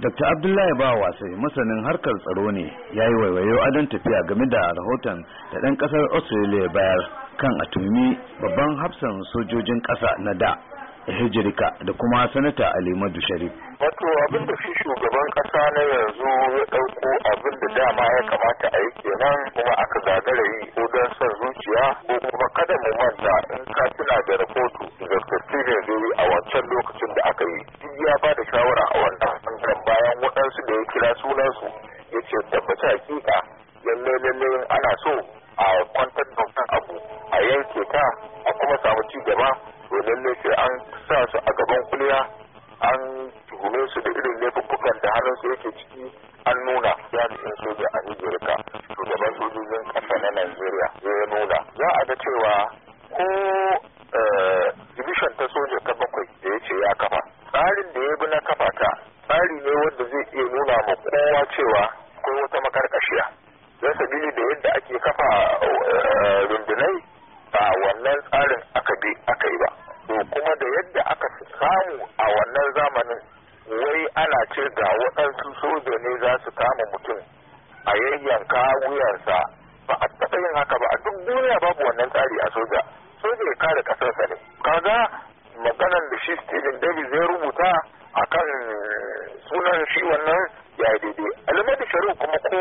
Dr. Abdullahi ba wasai masanin harkar tsaro ne ya yi waiwayo adon tafiya game da rahoton da ɗan ƙasar Australia bayar kan a tuni babban hafsan sojojin ƙasa na da hijirika da kuma sanata alimadu sharif wato abin da shi shugaban ƙasa na yanzu ya ɗauko abin da dama ya kamata a yi kenan kuma aka zagara yi ko don son zuciya ko kuma kada mu manta in ka tuna da rahoto da ne a wancan lokacin da aka yi ya ba da shawara a wannan kira sunansu ya ce tabbata hakika lalle lalle ana so a kwantar da abu a yanke ta a kuma samu ci gaba to lalle sai an sa su a gaban kuliya an tuhume su da irin laifukan da hannun su yake ciki an nuna jami'in soja a to shugaban sojojin kasa na Najeriya ya nuna za a ga cewa ke kafa eh, rundunai ba wannan tsarin aka bi aka yi ba to kuma da yadda aka samu a wannan zamanin wai ana ce ga waɗansu soja ne za su kama mutum a yayyanka wuyarsa ba a taɓa yin haka ba a duk duniya babu wannan tsari a soja soja ya kare ƙasarsa ne kaga maganan da shi Stephen Davis zai rubuta akan sunan shi wannan ya daidai alimadi sharu kuma ko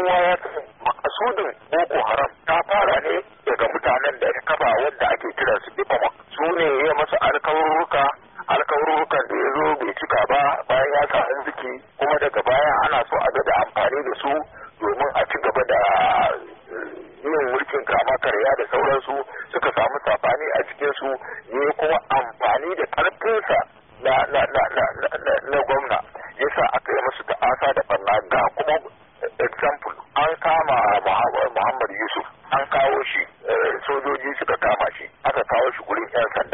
wasu alkawurruka alkawarrukan da ya zo bai cika ba bayan ya sa arziki kuma daga baya ana so a da amfani da su domin a ci gaba da eh, yin mulkin kama karya da sauransu suka samu safani a cikinsu ne kuma amfani da ƙarfinsa na gwamna yasa aka yi musu ta'asa da barna ga kuma example an kama Muhammad Yusuf an kawo shi eh, sojoji suka kama shi aka kawo shi gurin 'yan sanda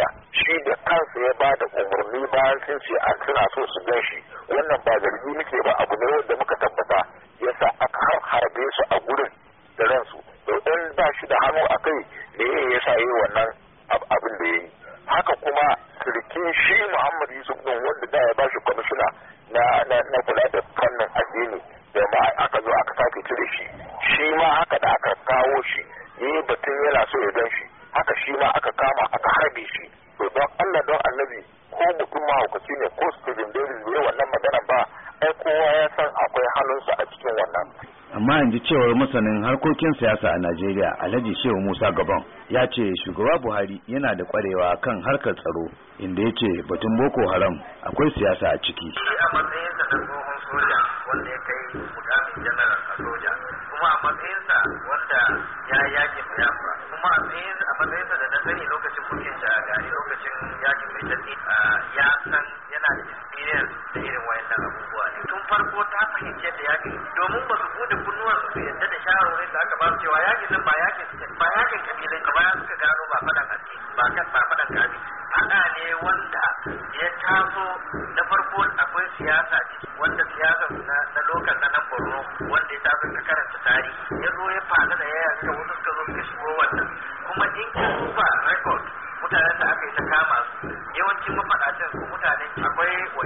ya ba da umarni bayan sun ce an suna so su gan shi wannan ba zargi muke ba abu ne wanda muka tabbata ya sa aka harbe su a gurin da ransu in ba shi da hannu a kai ne yasa yi wannan abin da ya yi haka kuma sirkin shi muhammad yusuf din wanda da ya ba shi kwamishina na kula da fannin addini da ma aka zo aka sake cire shi shi ma haka da aka kawo shi yi batun yana so ya gan shi haka shi ma aka kama aka harbe shi manzon annabi ko mutum mahaukaci ne ko student davis bai wannan magana ba ai kowa ya san akwai hannunsa a cikin wannan amma in ji cewar masanin harkokin siyasa a najeriya alhaji shehu musa gabon ya ce shugaba buhari yana da kwarewa kan harkar tsaro inda ya ce batun boko haram akwai siyasa a ciki a matsayinsa na tsohon soja wanda ya kai janar a soja kuma a matsayinsa wanda ya yaki siyasa kabilan ba yakin ba yakin kabilan ka bayan suka gano ba fadan addini ba kan ba fadan kabi hada ne wanda ya taso na farko akwai siyasa ciki wanda siyasa na na lokacin na nan Borno wanda ya taso ta karanta tarihi ya zo ya fada da yaya suka wasu suka zo suka shigo wannan kuma in ka duba record mutanen da aka yi ta kama su yawancin mafadacin su mutanen akwai